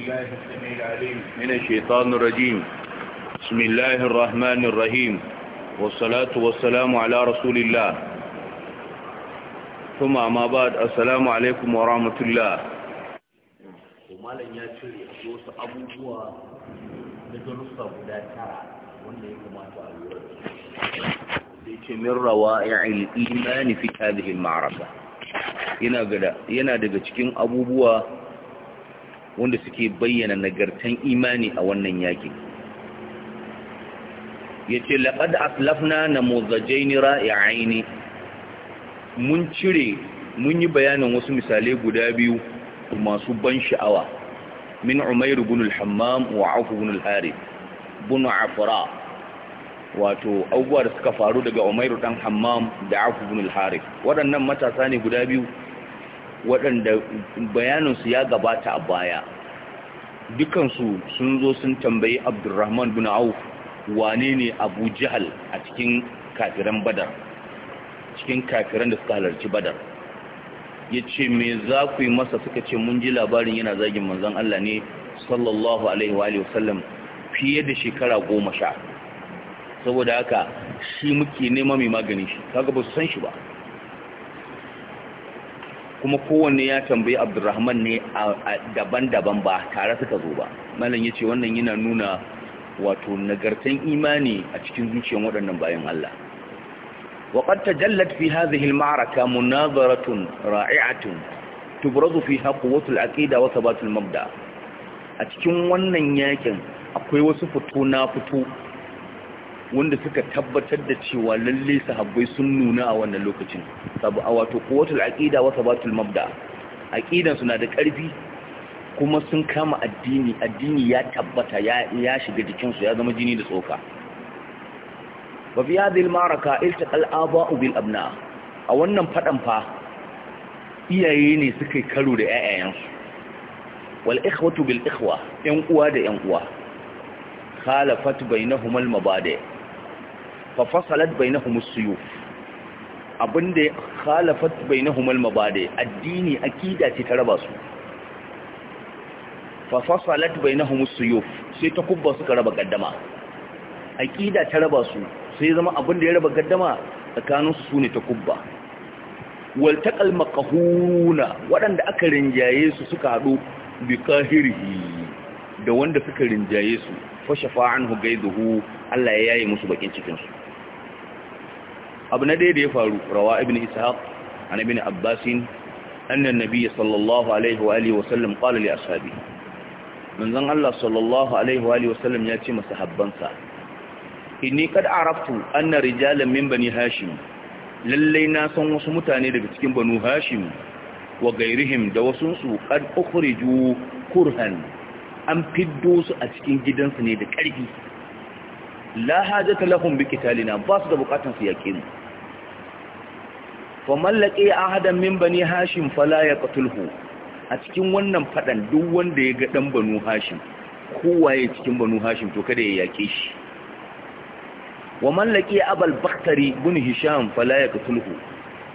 بالله من الشيطان الرجيم بسم الله الرحمن الرحيم والصلاة والسلام على رسول الله ثم ما بعد السلام عليكم ورحمة الله ya cire a daga cikin abubuwa wanda suke bayyana nagartan imani a wannan yaki yace laqad aslafna namuzajaini ra'i'aini mun cire mun yi bayanin wasu misalai guda biyu masu ban sha'awa min umairu ibn al-Hammam wa Auf ibn al-Harith ibn Afra wato abubuwa da suka faru daga umairu dan Hammam da Auf ibn al-Harith waɗannan matasa ne guda biyu waɗanda bayaninsu ya gabata a baya dukansu sun zo sun tambayi abdurrahman bin auf wane ne abu jihal a cikin kafiran badar cikin kafiran da suka halarci badar ya ce me za ku yi masa suka ce mun ji labarin yana zagin manzan Allah ne sallallahu alaihi wa sallam fiye da shekara goma sha saboda haka shi muke nema mai magani shi kaga ba su san shi ba kuma kowanne ya tambayi abdurrahman ne daban-daban ba tare suka zo ba malam ya ce wannan yana nuna wato nagartan imani a cikin zuciyar waɗannan bayan Allah وقد تجلت في هذه المعركة مناظرة رائعة تبرز فيها قوة العقيدة وثبات المبدأ أتكون ونن ياكن أقوي وسفتو fito. wanda suka tabbatar da cewa lalle sahabbai sun nuna a wannan lokacin sabu a wato quwwatul aqida wa sabatul mabda aqidan suna da ƙarfi kuma sun kama addini addini ya tabbata ya shiga jikinsu ya zama jini da tsoka wa fi hadhihi al-ma'raka iltaqa al-aba'u bil abna a wannan fadan fa iyaye ne suka yi karo da ƴaƴayensu wal ikhwatu bil ikhwa ƴan uwa da ƴan uwa khalafat bainahum al mabadi' fa fasalat bainahum as-suyuf abinda khalafat bainahum al-mabadi addini akida ce ta raba su fa fasalat bainahum as-suyuf sai ta kubba suka raba gaddama akida ta raba su sai zama abinda ya raba gaddama tsakanin su ne ta kubba wal taqal maqahuna wadanda aka rinjaye su suka hadu bi kahirihi da wanda suka rinjaye su fashafa anhu gaiduhu Allah ya yaye musu bakin cikin su abu na daidai da ya faru rawa ibn ishaq an ibn abbasin annan nabiyyi sallallahu alaihi wa alihi wa sallam qala li ashabi manzon Allah sallallahu alaihi wa alihi wa sallam ya ce masahabbansa inni kad araftu anna rijalan min bani hashim lallai na san wasu mutane daga cikin banu hashim wa gairihim da wasu su kad ukhriju kurhan an fiddo su a cikin gidansu ne da ƙarfi la hajata lahum bi qitalina ba su da bukatun su yake fa mallake ahadan min bani hashim fala yaqtulhu a cikin wannan fadan duk wanda ya ga dan banu hashim kowaye cikin banu hashim to kada ya yake shi wa mallake abal bakhtari bin hisham fala yaqtulhu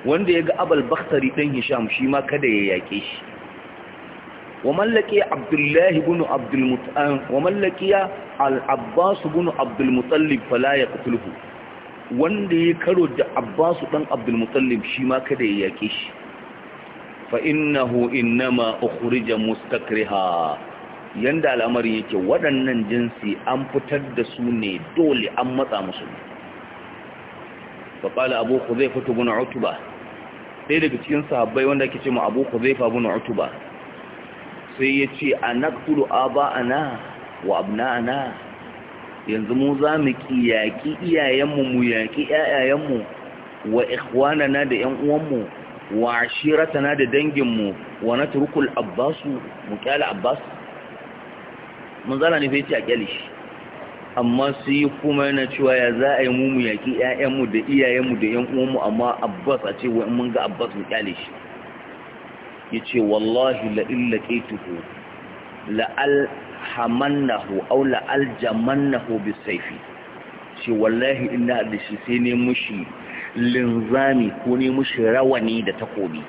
wanda ya ga abal bakhtari dan hisham shi ma kada ya yake shi wa mallake abdullahi bin abdul mut'an wa mallake al abbas bin abdul muttalib fala yaqtulhu wanda ya karo da abbasu dan abdulmutallib shi ma kada ya yake shi fa innahu innama ukhrija mustakriha yanda al'amari yake waɗannan jinsi an fitar da su ne dole an matsa musu fa qala abu khuzaifa ibn utba sai daga cikin sahabbai wanda ake cewa abu khuzaifa ibn utba sai yace anaqtulu aba'ana wa abna'ana yanzu mu za mu kiyaki iyayenmu mu yaki ƴaƴayenmu wa ikhwanana da ƴan uwanmu wa ashiratana da danginmu wa natrukul abbasu mu kyala abbas mun zala ne fa yace a kyale shi amma su yi kuma yana cewa ya za a yi mu mu yaki ƴaƴanmu da iyayenmu da ƴan uwanmu amma abbas a ce wai mun ga abbas mu kyale shi yace wallahi la illa kaituhu la al hamannahu aw la aljamannahu bisayfi shi wallahi inna da shi sai ne mushi linzami ko ne mushi rawani da takobi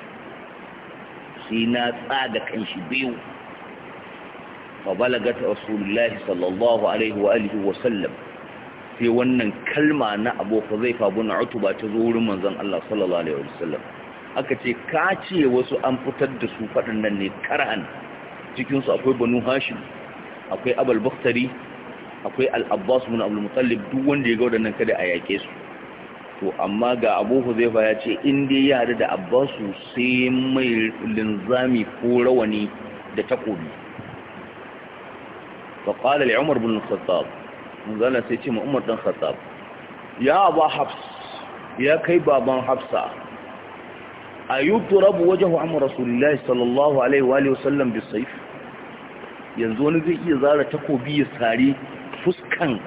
sai na tsaga kanshi biyu fa balagat rasulullahi sallallahu alaihi wa alihi wa sallam sai wannan kalma na Abu zai bin Utba ta zo wurin manzon Allah sallallahu alaihi wa sallam aka ce ka ce wasu an fitar da su faɗin nan ne karhan cikin su akwai Banu Hashim akwai abal bakhtari akwai al-abbas ibn abdul duk wanda ya ga wadannan kada a yake su to amma ga abu huzaifa ya ce in dai ya hada da abbasu sai mai linzami ko rawani da takobi fa qala li umar ibn al-khattab zana sai ce ma umar dan khattab ya aba hafs ya kai baban hafsa ayutrabu wajhu amr rasulullahi sallallahu alaihi wa sallam wasallam bisayf yanzu wani zai iya zara takobi ya sari fuskan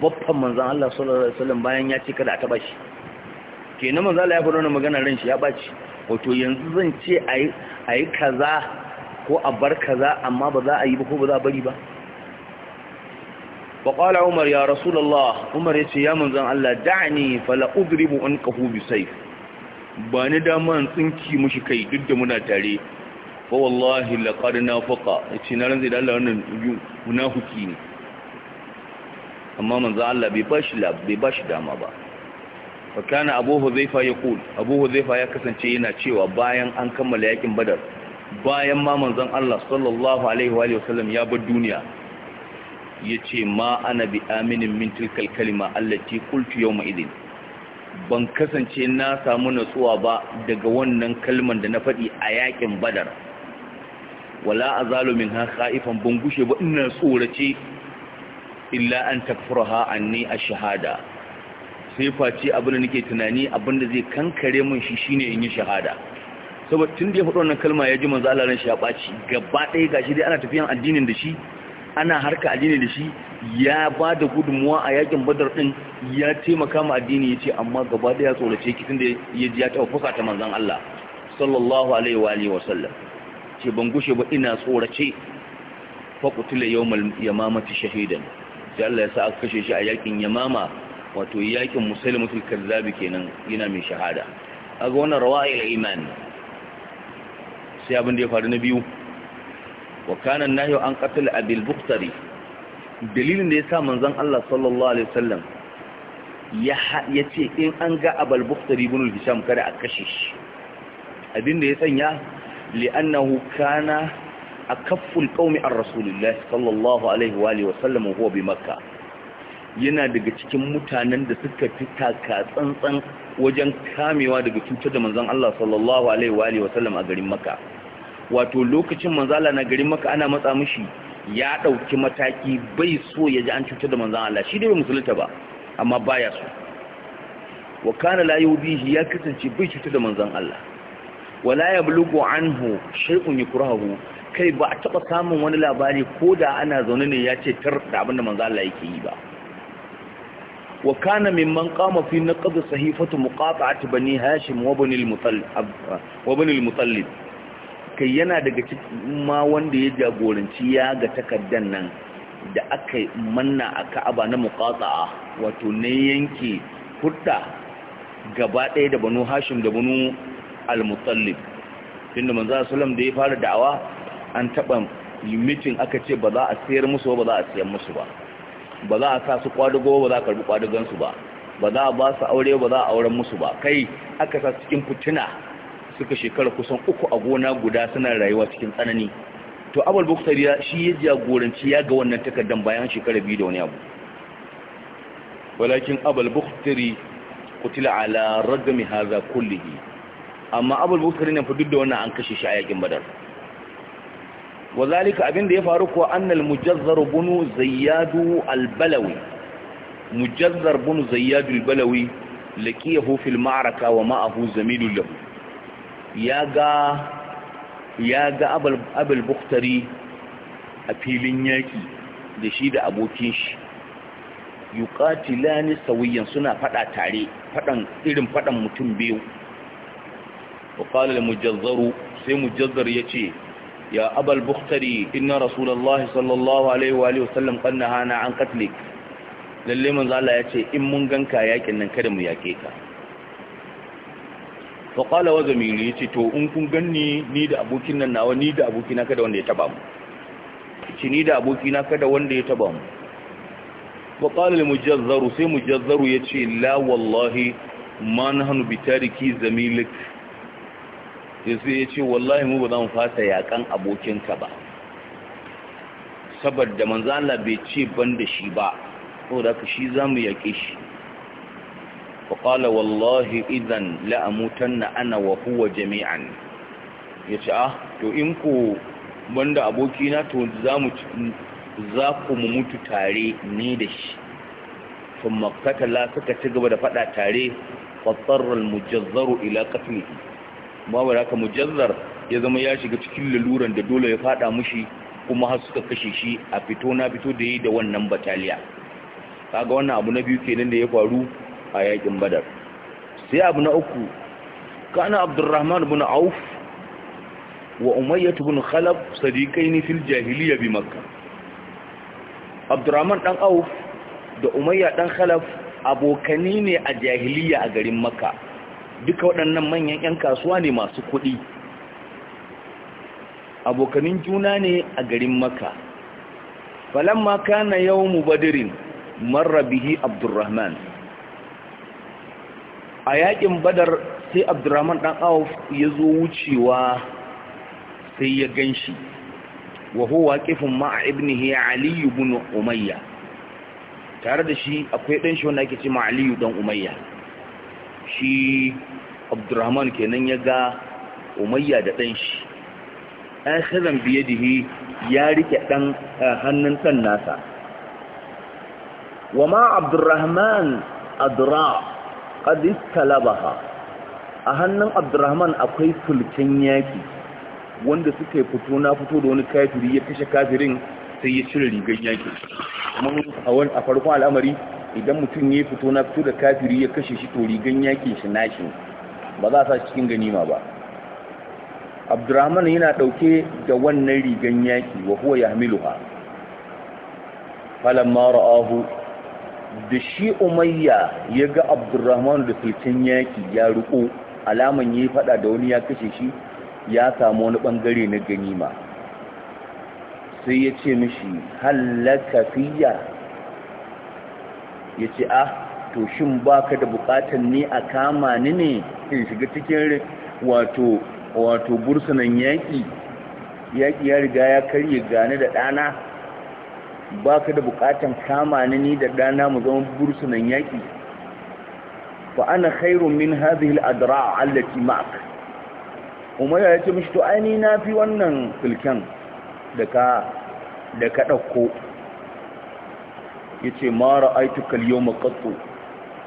babban manzan Allah sallallahu bayan ya ce kada a taba shi Ke manzan Allah ya faɗa magana ran shi ya baci wato yanzu zan ce ayi yi kaza ko a bar kaza amma ba za a yi ba ko ba za a bari ba ba kwala umar ya Rasulallah umar ya ce ya manzan Allah ne fala udribu anqahu bi bisai ba ni dama tsinki mushi kai duk da muna tare fa wallahi faƙa. nafaqa ce na ranzai da Allah wannan na munafiki ne amma manzo Allah bai bashi bai dama ba fa kana Abu Huzaifa yaqul Abu ya kasance yana cewa bayan an kammala yakin Badar bayan ma manzon Allah sallallahu alaihi wa sallam ya bar duniya ya ce ma ana bi aminin min tilkal kalima allati qultu yawma idin ban kasance na samu nutsuwa ba daga wannan kalman da na faɗi a yakin Badar wala a zalumin khaifan ban gushe ba ina tsorace illa an takfurha anni a shahada sai face abin da nake tunani abin da zai kankare mun shi shine in yi shahada saboda tun da ya faɗo wannan kalma ya ji manzo Allah ran shi ya ɓaci gaba ɗaya gashi dai ana tafiyan addinin da shi ana harka addini da shi ya ba da gudunmuwa a yakin badar din ya taimaka ma addini ya ce amma gaba ɗaya ya tsorace kitin da ya ji ya taɓa fuka ta manzan Allah sallallahu alaihi wa alihi wa sallam ce ban gushe ba ina tsorace faƙutule yawmal yamamati shahidan sai Allah ya sa aka kashe shi a yakin yamama wato yakin musulmatul kazzabi kenan yana mai shahada aga wannan a iman sai abin da ya faru na biyu wa kana nahi an qatala abil buqtari dalilin da ya sa manzon Allah sallallahu alaihi wasallam ya yace in an ga abal buqtari ibn hisham kada a kashe shi abin da ya sanya لأنه كان أكف القوم عن رسول الله صلى الله عليه وآله وسلم وهو بمكة yana daga cikin mutanen da suka fi taka tsantsan wajen kamewa daga cutar da manzon Allah sallallahu alaihi wa alihi wasallam a garin Makka wato lokacin manzala na garin Makka ana matsa mishi ya dauki mataki bai so ya ji an cutar da manzon Allah shi dai musulunta ba amma baya so wa kana la yudihi ya kasance bai cutar da manzon Allah wala ya bulugu anhu shay'un yukrahu kai ba a taba samun wani labari ko da ana zaune ne ya ce tar da abinda manzo Allah yake yi ba wa kana mimman qama fi naqd sahifatu muqata'at bani hashim wa bani al wa bani al kai yana daga cikin ma wanda ya jagoranci ya ga takaddan nan da aka manna a Ka'aba na muqata'a wato ne yanke hudda gaba ɗaya da banu hashim da banu al-mutallib tunda manzo sallam da ya fara da'awa an taba limitin aka ce ba za a sayar musu ba za a sayar musu ba ba za a sa su kwadugo ba za a karbi kwadugan su ba ba za a ba su aure ba za a auren musu ba kai aka sa cikin fitina suka shekara kusan uku a gona guda suna rayuwa cikin tsanani to abul bukhari shi ya jagoranci ya ga wannan takardan bayan shekara biyu da wani abu walakin abul bukhari kutila ala ragami hadha kullihi amma abul bukari ne fa duk da wannan an kashe shi a yakin badar wazalika abin da ya faru kuwa annal mujazzar bunu zayyadu albalawi mujazzar bunu zayyadu albalawi laqiyahu fil ma'raka wa ma'ahu zamilul lahu ya ga ya ga abul abul a filin yaki da shi da abokin shi yuqatilani sawiyan suna fada tare fadan irin fadan mutum biyu wa qala al mujazzaru sai mujazzar ya abal bukhtari inna rasulullahi sallallahu alaihi wa alihi wasallam an qatlik lalle manzo yace in mun ganka yakin nan kada mu yake ka fa qala wa zamili yace to in kun ganni ni da abokin nan nawa da abokina kada wanda ya taba mu yace ni da abokina kada wanda ya taba mu fa qala al mujazzaru sai mujazzaru la wallahi ma nahnu bi tariki zamilik sai sai ya ce wallahi mu ba za mu fasa yakan abokinka ba saboda manzo Allah bai ce ban da shi ba saboda haka shi za mu yaƙe shi fa qala wallahi idan la amutanna ana wa huwa jami'an yace ah to in ku banda abokina to za mu za ku mu mutu tare ni da shi sun makatala suka ci gaba da faɗa tare fassarar mujazzaru ila katlihi babu da haka mujazzar ya zama ya shiga cikin laluran da dole ya fada mushi kuma har suka kashe shi a fito na fito da yi da wannan bataliya kaga wannan abu na biyu kenan da ya faru a yakin badar sai abu na uku kana abdurrahman ibn auf wa umayyah ibn khalaf sadiqaini fil jahiliya bi makkah abdurrahman dan auf da umayyah dan khalaf abokani ne a jahiliya a garin makka duka waɗannan manyan 'yan kasuwa ne masu kuɗi abokanin juna ne a garin maka na kana mu badirin marra bihi abdurrahman a yaƙin badar sai abdurrahman dan auf ya zo wucewa sai ya ganshi wa huwa qifun ma'aibini ya Aliyu bin umayya tare da shi akwai ɗan shi wanda ake ce ma'aliyu don umayya shi abdurrahman kenan ya ga umayya da ɗan shi akhiran biyadihi ya rike ɗan eh, hannun ɗan nasa wa ma abdurrahman adra qad istalabaha a hannun abdurrahman akwai sulcin yaki wanda suka fito na fito da wani kafiri ya kashe kafirin sai ya cire rigar yaki a farkon al'amari idan mutum ya fito na fito da kafiri ya kashe shi to rigan yakin shi nashi ba za a sa cikin ganima ba abdurrahman yana dauke da wannan rigan yaki wa huwa yahmiluha falamma ra'ahu da shi umayya ya ga abdurrahman da filcin yaki ya riko alaman ya yi fada da wani ya kashe shi ya samu wani bangare na ganima sai ya ce mishi hallaka fiya ya ce a ah, to shin ba ka da bukatan ne a kama ni ne in shiga cikin wato wato bursunan yaƙi yaƙi ya riga ya karye gane da ɗana Ba ka da bukatan kama ni ne da ɗana mu zama bursunan yaƙi fa ana khairun min hadhihi al-adra' allati ma'ak umar ya ce mishi to ai ni na fi wannan filken da ka da ka ɗauko ya ce mara aitukal yau makatsu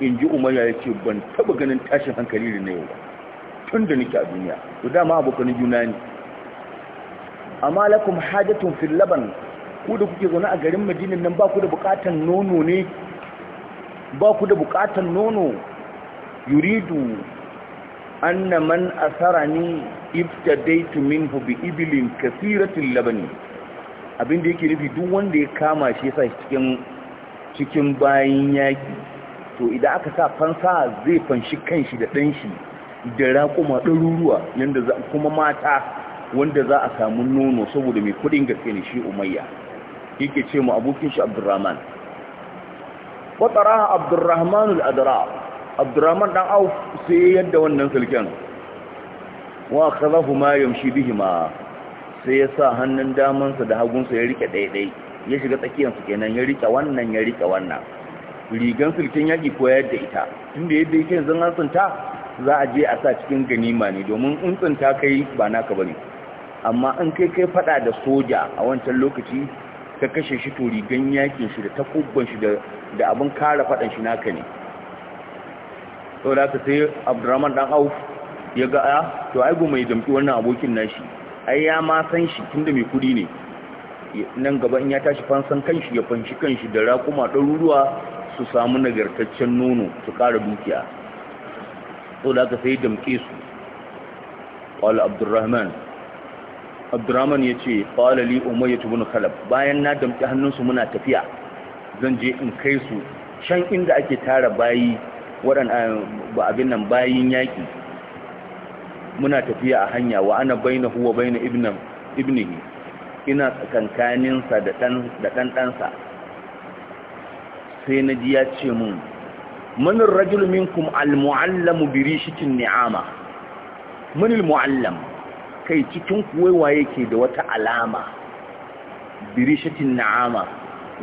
in ji umarya ya ce ban taba ganin tashin hankali da na yau ba tun da nake a duniya to dama abokanin juna ne a malakun hajatun filaban ku da kuke zaune a garin majinin nan ba ku da bukatan nono ne ba ku da bukatan nono yuridu na man asarani ibtadaitu min bi ibilin kasiratun labani abinda yake nufi duk wanda ya kama shi yasa cikin cikin bayan yaki to idan aka sa fansa zai fanshi kanshi da ɗanshi da raƙuma ɗaruruwa yadda za kuma mata wanda za a samu nono saboda mai kudin gaske ne shi umayya yake ce mu abokin shi abdurrahman wataraha abdurrahman al'adara abdurrahman ɗan auf sai yadda wannan sulken wa kaza ma yamshi bihima sai ya sa hannun damansa da hagunsa ya rike ɗaiɗai ya shiga tsakiyar su kenan ya rike wannan ya rike wannan rigan sulkin yaki ko da ita tunda yadda yake yanzu an tsinta za a je a sa cikin ganima ne domin in tsinta kai ba naka bane amma in kai kai fada da soja a wancan lokaci ka kashe shi to rigan yakin shi da takubban shi da abin kare fadan shi naka ne sau da aka sai abdurrahman dan auf ya ga a ah, to aigo mai damki wannan abokin nashi ai ya ma san shi tunda mai kudi ne nan gaba in ya tashi fansan kanshi ya fanshi kanshi da rakuma ɗaruruwa su samu nagartaccen nono su ƙara dukiya so da aka sai damke su ƙwala abdurrahman abdurrahman ya ce ƙwala li umayya tubun kalab bayan na damƙe hannunsu muna tafiya zan je in kai su can inda ake tara bayi waɗanda ba abin nan bayin yaƙi muna tafiya a hanya wa ana baina huwa baina ibnihi ina tsakankaninsa da ɗanɗansa sai na ji ya ce mun manin rajul minkum al-mu'allamu biri shikin ni'ama manin mu'allam kai cikin kuwaiwa yake da wata alama biri shikin ni'ama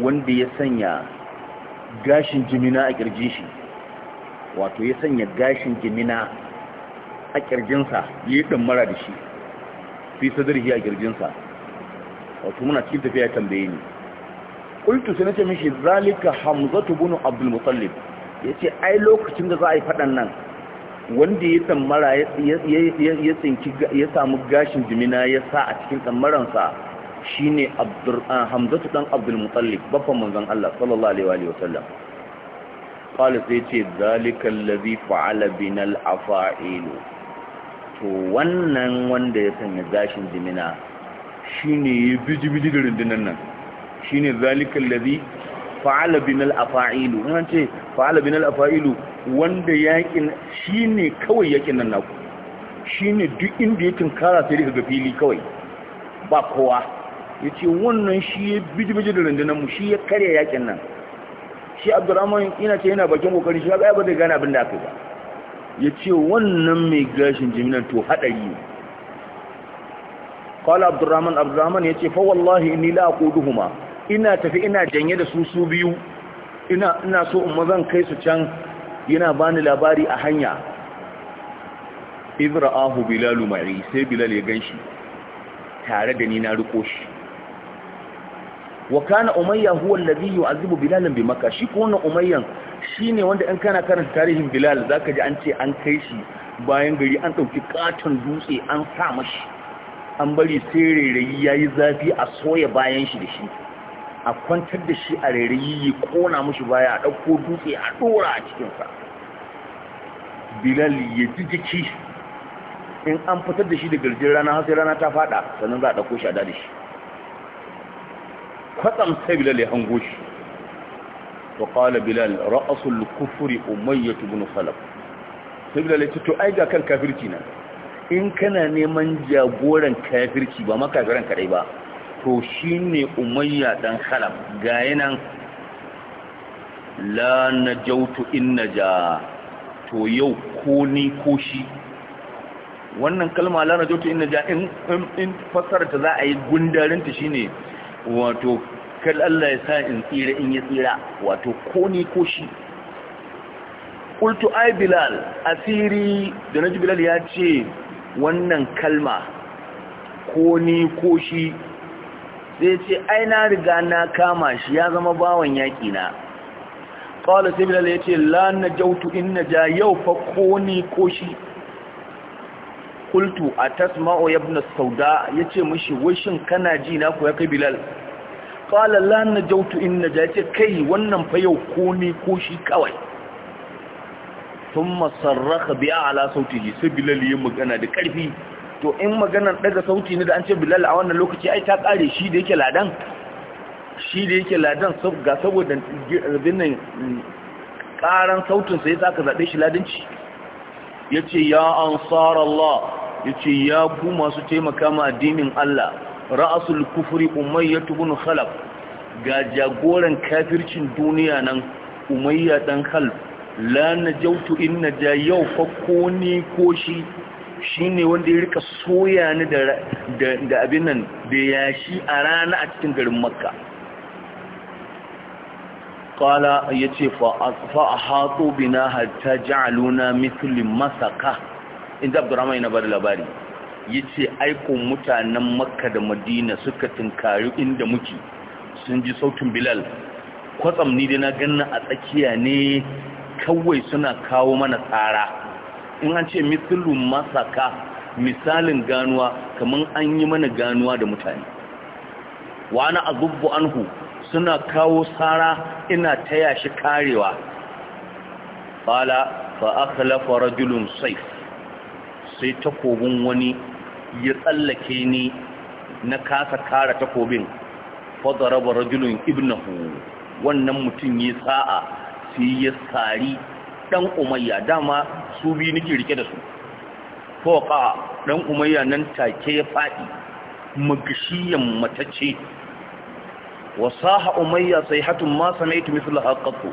wanda ya sanya gashin jimina a ƙirji shi wato ya sanya gashin jimina a ƙirjinsa ya yi ɗan mara da shi fi sadarhi a ƙirjinsa wato muna cikin tafiya tambaye ni qultu sai nace mishi zalika hamzatu ibn abdul muttalib yace ai lokacin da za a yi fadan nan wanda ya tsammara ya tsinki ya samu gashin jimina ya sa a cikin sa shine hamzatu dan abdul muttalib babban manzon Allah sallallahu alaihi wa sallam qala sai ce zalika allazi fa'ala bina al-afa'il to wannan wanda ya sanya gashin jimina shine ya biji-biji da rundunar nan shine zalikal ladhi fa'ala binal afa'ilu wannan ce fa'ala binal afa'ilu wanda yakin shine kawai yakin nan naku shine duk inda yakin kara sai daga fili kawai ba kowa yace wannan shi ya biji-biji da rundunar mu shi ya kare yakin nan shi Abdurrahman ina ce yana bakin kokari shi ba ya ba zai gane abin da aka yi ba yace wannan mai gashin jiminan to hadari ne qala abdurrahman abdurrahman ce, fa wallahi inni la aquduhuma ina tafi ina janye da su su biyu ina so in mazan kai su can yana bani labari a hanya ibrahu bilalu ma'i sai bilal ya ganshi tare da ni na riko shi wa kana umayya huwa alladhi yu'azibu Bilal bi makkah shi ko wannan umayyan shine wanda in kana karanta tarihin bilal zaka ji an ce an kai shi bayan gari an ɗauki katon dutse an sa mashi an bari sai rairayi ya yi zafi a soya bayan shi da shi a kwantar da shi a rairayi ya kona mashi baya a ɗauko dutse a ɗora a cikinsa bilal ya ji jiki in an fitar da shi da garjin rana har sai rana ta fada sannan za a ɗauko shi a da shi kwatsam sai bilal ya hango shi to kala bilal ra'asul kufuri umayyatu bin khalaf sai bilal ya ce to ai ga kan kafirci na in kana neman jagoran kafirci ba makafiran kadai ba to shine umayya dan khalaf ga yanan la najautu in naja to yau ko ni ko shi wannan kalma la najautu in naja in in fassara ta za a yi gundarin ta shine wato kal Allah ya sa in tsira in ya tsira wato ko ni ko shi qultu ay bilal asiri da naji bilal ya ce wannan kalma ko ni ko shi sai ce ai na riga na kama shi ya zama bawan yaƙi na ƙawala sai ya ce la na jautu in na ja yau fa ko ni ko shi kultu a tasma'o ya bi sauda ya ce mashi wishin kana ji na ku ya kai bilal ƙawala la na jautu in na ja ya ce kai wannan fa yau ko ni ko shi kawai sun masarraka biya ala sautihi sai bilal yin magana da ƙarfi to in maganar daga sauti ne da an ce bilal a wannan lokaci ai ta ƙare shi da yake ladan shi da yake ladan ga saboda binnan ƙaran sautinsa ya sa ka zaɓe shi ladanci ya ce ya an Allah ya ce ya ku masu taimaka ma addinin Allah ra'asul kufuri umayya tubun khalaf ga jagoran kafircin duniya nan umayya ɗan khalaf la jautu in ja yau fa ko ni ko shi shine wanda ya rika soya ni da abin nan da yashi a rana a cikin garin makka qala yace fa fa hatu bina hatta ja'aluna mithli masaka inda abdurrahman yana bada labari yace aikon mutanen makka da madina suka tinkari inda muke sun ji sautin bilal kwatsam ni dai na ganna a tsakiya ne kawai suna kawo mana tsara in an ce misalin masaka misalin ganuwa kamar an yi mana ganuwa da mutane wa ana azubbu anhu suna kawo tsara ina taya shi karewa bala fa akhlafa rajulun sayf sai takobin wani ya tsallake ni na kasa kare takobin fa daraba rajulun ibnahu wannan mutum yi sa'a yi ya sari ɗan umayya dama su biyu nake rike da su ko foka ɗan umayya nan take ya faɗi magashiyan matacce wasaha umayya sai hatun ma samaitu mislaha qattu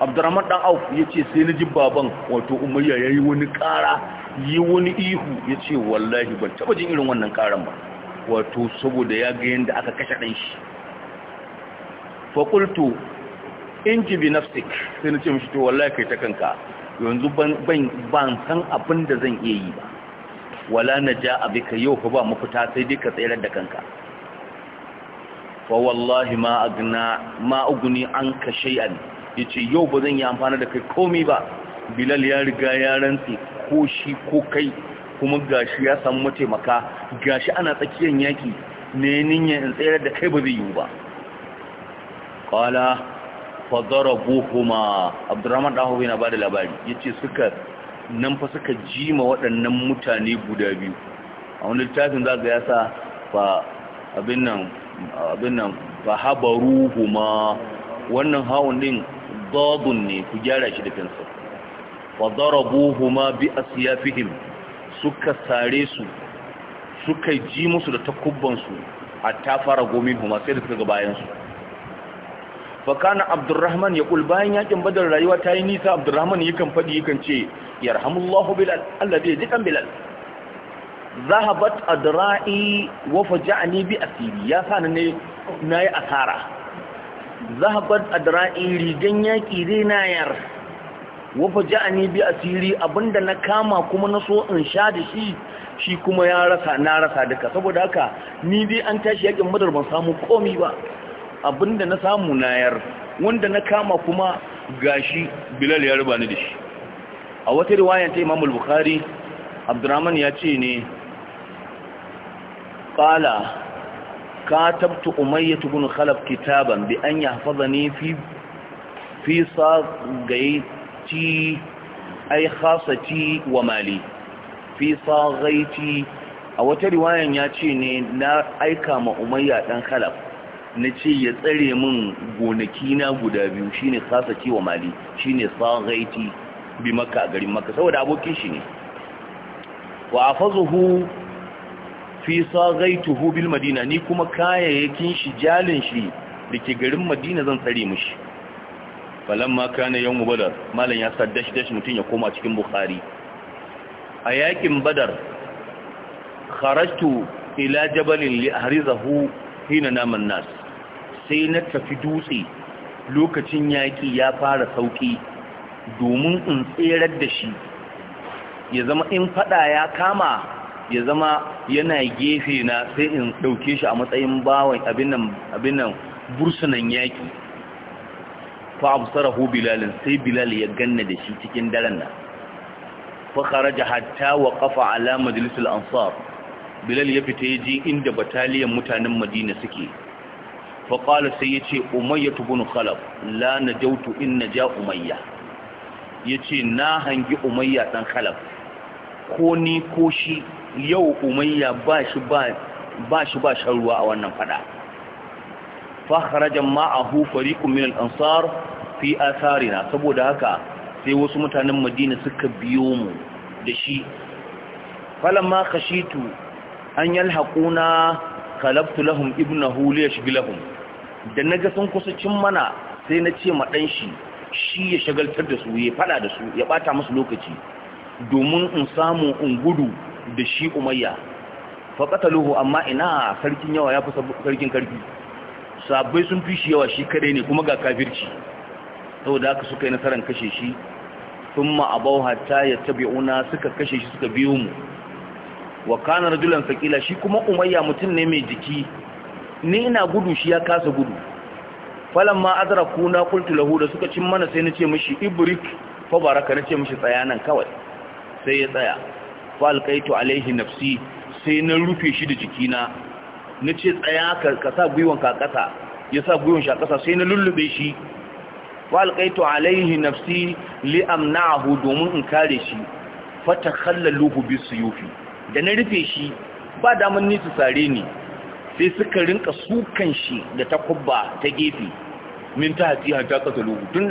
abdurrahman dan auf yace sai na ji baban wato umayya yayi wani ƙara yi wani ihu yace wallahi ban taba jin irin wannan ƙaran ba wato saboda ya ga yanda aka kashe dan shi fa qultu in ji bi nafsik sai na ce mishi to wallahi kai ta kanka yanzu ban san abin da zan iya yi ba wala na ja abika yau ba mafita sai dai ka tsayar da kanka fa wallahi ma agna ma uguni an ka shay'an yace yau ba zan yi amfana da kai komai ba bilal ya riga ya rantsi ko shi ko kai kuma gashi ya samu mataimaka gashi ana tsakiyar yaki ne ninya in tsayar da kai ba zai yi ba qala buhuma abdurrahman dan na ba bada labari yace suka nan fa suka jima waɗannan mutane guda biyu a wani littafin za ga yasa fa abin nan abin nan fa habaruhuma wannan hawun din dadun ne ku gyara shi da kansa fadara buhuma bi asyafihim suka sare su suka ji musu da takubban su hatta fara gomin huma sai da suka ga bayan fakana abdurrahman ya kul bayan yakin badar rayuwa ta yi nisa abdurrahman yakan faɗi kan ce ya yarhamullahu bilal Allah zai jikan bilal zahabat adra'i wa faja'ani bi asiri ya sani ne na yi asara zahabat adra'i rigan yaki dai na yar wa faja'ani bi asiri abinda na kama kuma na so in sha da shi shi kuma ya rasa na rasa duka saboda haka ni dai an tashi yakin badar ban samu komi ba abinda na samu nayar wanda na kama kuma gashi bilal ya ruba ni da shi a wata riwaya ta imam al-bukhari abdurrahman ya ce ne qala katabtu umayyah ibn khalaf kitaban bi an yahfazani fi fi sagaiti ay khasati wa mali fi sagaiti a wata riwayan ya ce ne na aika ma umayya dan khalaf na ce ya tsare min gonaki na guda biyu shine sasa wa mali shine sagaiti bi maka a garin maka, saboda abokin shi ne wa a afazuhu fi hu bil madina ni kuma kayayyakin shi jalin shi da ke garin madina zan tsare Falon maka na yawon badar malin ya sa dashi mutum ya koma cikin bukari a yakin badar kharajtu ila jabalin li harizahu hina naman nas sai na tafi dutse lokacin yaƙi ya fara sauƙi domin in tserar da shi ya zama in fada ya kama ya zama yana gefe na sai in ɗauke shi a matsayin bawan abin nan bursunan yaƙi fa absarahu bilalin sai bilal ya ganna da shi cikin daren nan fa kharaja hatta waqafa ala majlisil ansar bilal ya fita ya je inda bataliyan mutanen madina suke faƙala sai ya ce umayya tubunu khalaf la na jautu in na ja umayya ya ce na hangi umayya ɗan khalaf ko ni ko shi yau umayya ba shi ba shan ruwa a wannan fada fakharajan ma'ahu fariqun min al-ansar fi atharina saboda haka sai wasu mutanen Madina suka biyo mu da shi falamma khashitu an yalhaquna khalabtu lahum ibnahu liyashghilahum da na ga sun kusa cin mana sai na ce ma ɗan shi shi ya shagaltar da su ya faɗa da su ya ɓata musu lokaci domin in samu in gudu da shi umayya faƙataluhu amma ina sarkin yawa ya fi sarkin karfi sabai sun fi shi yawa shi kadai ne kuma ga kafirci da haka suka yi nasarar kashe shi sun ma'abau hata ya una suka kashe shi suka biyo mu wa kanar julan sakila shi kuma umayya mutum ne mai jiki ni ina gudu shi ya kasa gudu falan ma azara kuna kultu da suka cin mana sai na ce mishi ibrik fa baraka na ce mishi tsaya nan kawai sai ya tsaya fa alaihi nafsi sai na rufe shi da jikina na ce tsaya ka sa gwiwon ka kasa ya sa gwiwon shi a kasa sai na lullube shi fa alaihi nafsi li na'ahu domin in kare shi fa takhallaluhu bisuyufi da na rufe shi ba daman ni su sare ni sai suka rinka sukan shi da takubba ta gefe min ta hati har ta kasa lugu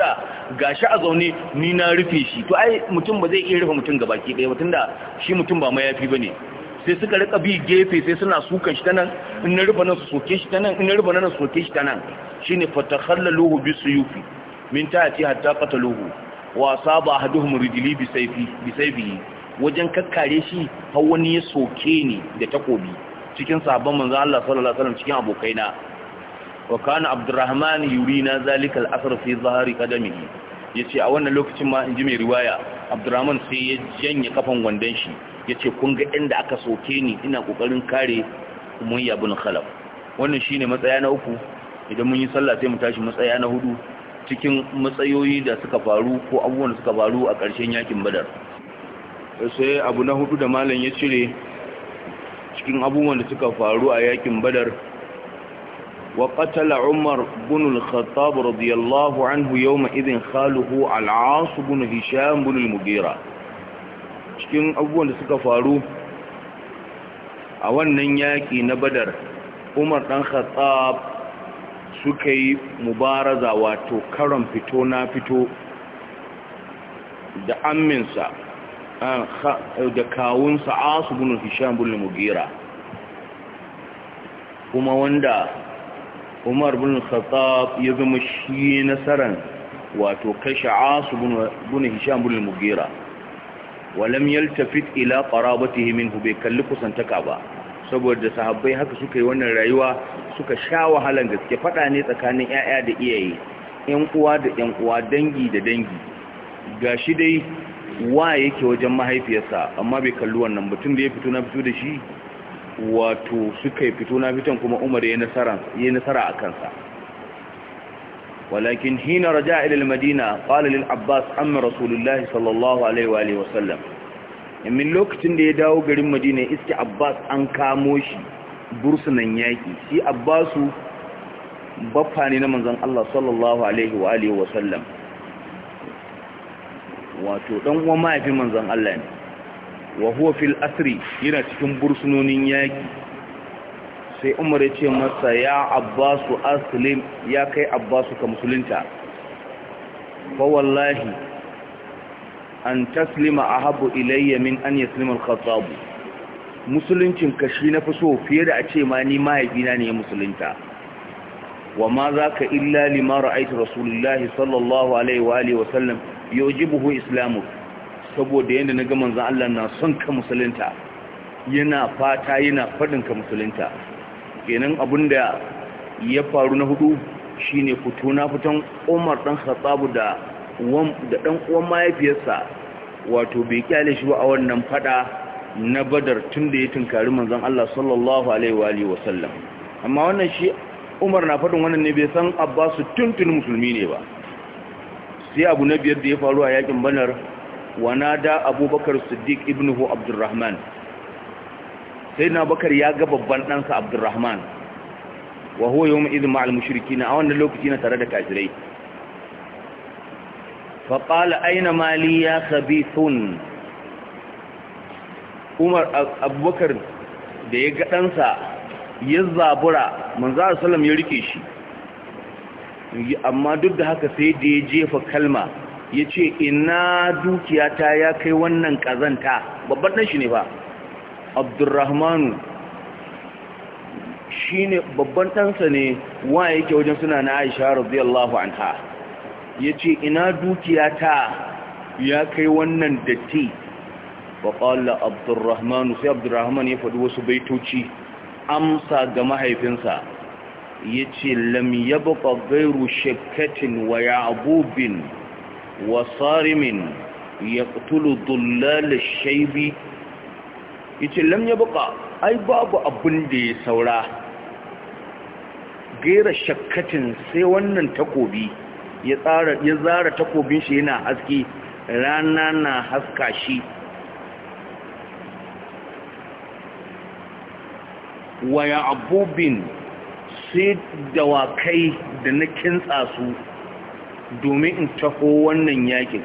ga shi a zaune ni na rufe shi to ai mutum ba zai iya rufe mutum gabaki ɗaya ba tunda shi mutum ba mayafi ba ne sai suka rika bi gefe sai suna sukan shi ta nan in na rufe nan su soke shi ta nan in na rufe nan su soke shi ta nan ne fatakhalla lugu bi suyufi min ta hati har ta kasa lugu wa saba ahaduhum rijli bi sayfi bi sayfi wajen kakkare shi har wani ya soke ni da takobi cikin sabon manzo Allah sallallahu alaihi wasallam cikin abokaina wa kana abdurrahman yurina zalika al asr fi zahari qadamihi yace a wannan lokacin ma inji mai riwaya abdurrahman sai ya janye kafan gwandan shi yace kun ga inda aka soke ni ina kokarin kare umayya ibn khalaf wannan shine matsaya na uku idan mun yi sallah sai mu tashi matsaya na hudu cikin matsayoyi da suka faru ko abubuwan suka faru a ƙarshen yakin badar sai abu na hudu da malam ya cire cikin abubuwan da suka faru a yakin badar wa qatala umar ibn al-khattab radiyallahu anhu yawma idhin khaluhu al-aas ibn hisham ibn al-mughira cikin abubuwan da suka faru a wannan yaki na badar umar dan khattab suka yi mubaraza wato karon fito na fito da amminsa da kawunsa asu bin hisham bin mugira kuma wanda umar bin khattab ya zama shi nasaran wato kashe asu bin hisham bin mugira walam yaltafit ila qarabatihi minhu bai kalli kusantaka ba saboda sahabbai haka suka yi wannan rayuwa suka sha wahalan gaske fada ne tsakanin yaya da iyaye yan uwa da yan uwa dangi da dangi gashi dai wa yake wajen mahaifiyarsa amma bai kalli wannan mutum da ya fito na fito da shi wato suka yi fito na fitan kuma umar ya yi nasara a kansa walakin hina raja ilil madina ƙwale lil abbas amma rasulullahi sallallahu alaihi wa sallam yamin lokacin da ya dawo garin madina iske abbas an kamo shi bursunan yaƙi shi abbasu baffa ne na manzan allah sallallahu alaihi wa sallam wato ɗan uwan mahaifin manzan Allah ne wa huwa fil asri yana cikin bursunonin yaki sai Umar ya ce masa ya Abbasu aslim ya kai Abbasu ka musulunta fa wallahi an taslima ahabu ilayya min an yaslima al-khattab musuluncin ka shi na so fiye da a ce ma ni mahaifina ne ya musulunta wa ma ka illa lima ra'aytu rasulullahi sallallahu alaihi wa sallam buhu islamu saboda yadda na naga manzon Allah na son ka musulunta yana fata yana faɗin ka musulunta kenan abinda ya faru na hudu shine fito na fitan Umar dan Khattab da wan uwan mahaifiyarsa wato bai kyale shi ba a wannan fada na Badar tun da ya tunkari manzon Allah sallallahu alaihi wa alihi wasallam amma wannan shi Umar na fadin wannan ne bai san Abbasu tuntun musulmi ne ba sai abu na biyar da ya faru a yakin banar wana da abubakar siddiq ibnuhu abdurrahman sai na bakar ya ga babban ɗansa abdurrahman wa huwa yawon izin ma'al mashirki na a wannan lokaci na tare da kafirai faƙala aina mali ya khabithun umar abubakar da ya ga ɗansa ya zabura manzara salam ya rike shi amma duk da haka sai da ya jefa kalma ya ce ina dukiyata ya kai wannan kazanta? babban ɗan shi ne ba abdurrahmanu shi ne babban ɗansa ne wa yake wajen suna na aisha radiyallahu anha ya ce ina dukiyata ya kai wannan datti ba ƙwallo abdurrahmanu sai abdurrahmanu ya faɗi wasu baitoci amsa ga mahaifinsa ya ce lam yabqa ghairu shakkatin wa ya'bubin wa sarimin yaqtulu dullal shaybi yace lam yabqa ai babu abin da ya saura gaira shakkatin sai wannan takobi ya tsara ya zara takobin shi yana haske rana na haska shi wa ya'bubin sai dawakai da na kintsa su domin in taho wannan yakin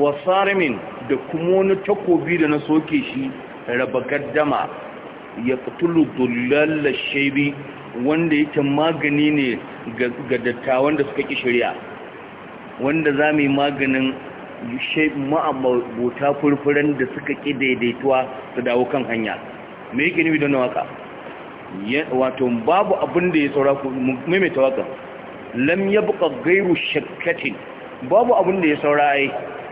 wasarimin da kuma wani takobi da na soke shi raba gaddama ya fitulu dullalla shaibi wanda yake magani ne ga dattawan da suka ƙi shirya wanda za mu yi maganin ma'abota furfuran da suka ƙi daidaituwa su dawo kan hanya me yake nufi don waka wato babu abin da ya tsora ku maimaita waka lam buka gairu shakkatin babu abin da ya saura ai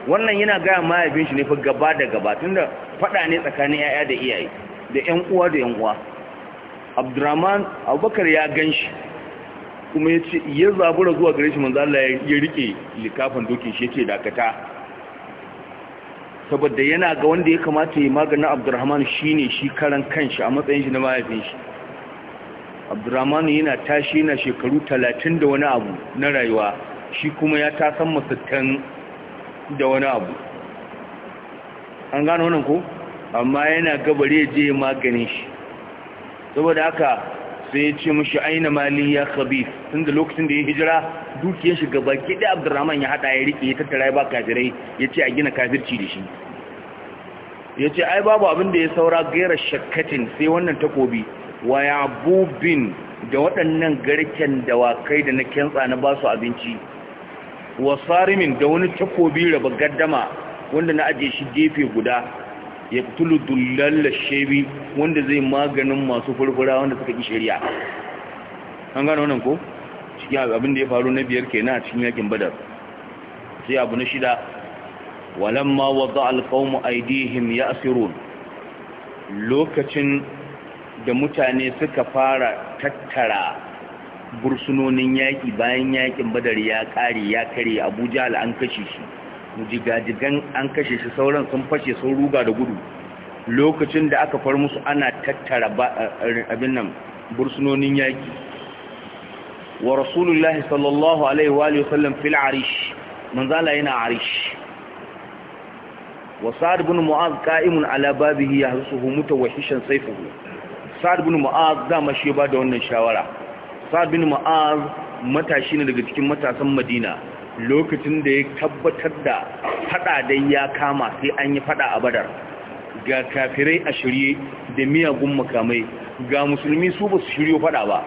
wannan yana gaya mahaifin shi ne fi gaba da gaba tunda faɗa ne tsakanin yaya da iyaye da 'yan uwa da 'yan uwa Abdurrahman Abubakar ya gan shi, kuma ya ce ya zabura zuwa gare shi manzo Allah ya rike likafin dokin shi yace dakata saboda yana ga wanda ya kamata ya maganin Abdurrahman shine shi karan kanshi a matsayin shi na mahaifin shi abdurrahman yana tashi na shekaru talatin da wani abu na rayuwa shi kuma ya tasan masattan da wani abu an gano wannan ko amma yana gabare je maganin shi saboda haka sai ya ce mashi aina malin ya khabif da lokacin da ya hijira dukiyar shiga baki da abdurrahman ya haɗa ya rike ya tattara ya ba kafirai ya ce a gina kafirci da shi ya ce ai babu abin da ya saura gairar shakkatin sai wannan takobi wa yabubin da waɗannan garken dawakai da na kensa na ba su abinci wa sarimin da wani takobi raba gaddama wanda na ajiye shi gefe guda ya tulu dullalla shebi wanda zai maganin masu furfura wanda suka ƙi shari'a an gano wannan ko cikin abin da ya faru na biyar kenan a cikin yakin badar sai abu na shida walamma wadda alqawmu ya asirun lokacin da mutane suka fara tattara bursunonin yaƙi bayan yaƙin badar ya ƙare ya kare abuja an kashe shi jigajigan an kashe shi sauran sun fashe sun ruga da gudu lokacin da aka far musu ana tattara eh, abin nan bursunonin yaƙi wa rasulullahi sallallahu alaihi wa sallam fil arish manzala yana arish wa sa'ad ibn mu'az qa'imun ala babihi yahsuhu mutawahhishan sayfuhu sa'ad bin za dama shi ba da wannan shawara sa'ad bin mu'az matashi ne daga cikin matasan madina lokacin da ya tabbatar da fada dai ya kama sai an yi fada a badar ga kafirai a shirye da miyagun makamai ga musulmi su ba su shiryo fada ba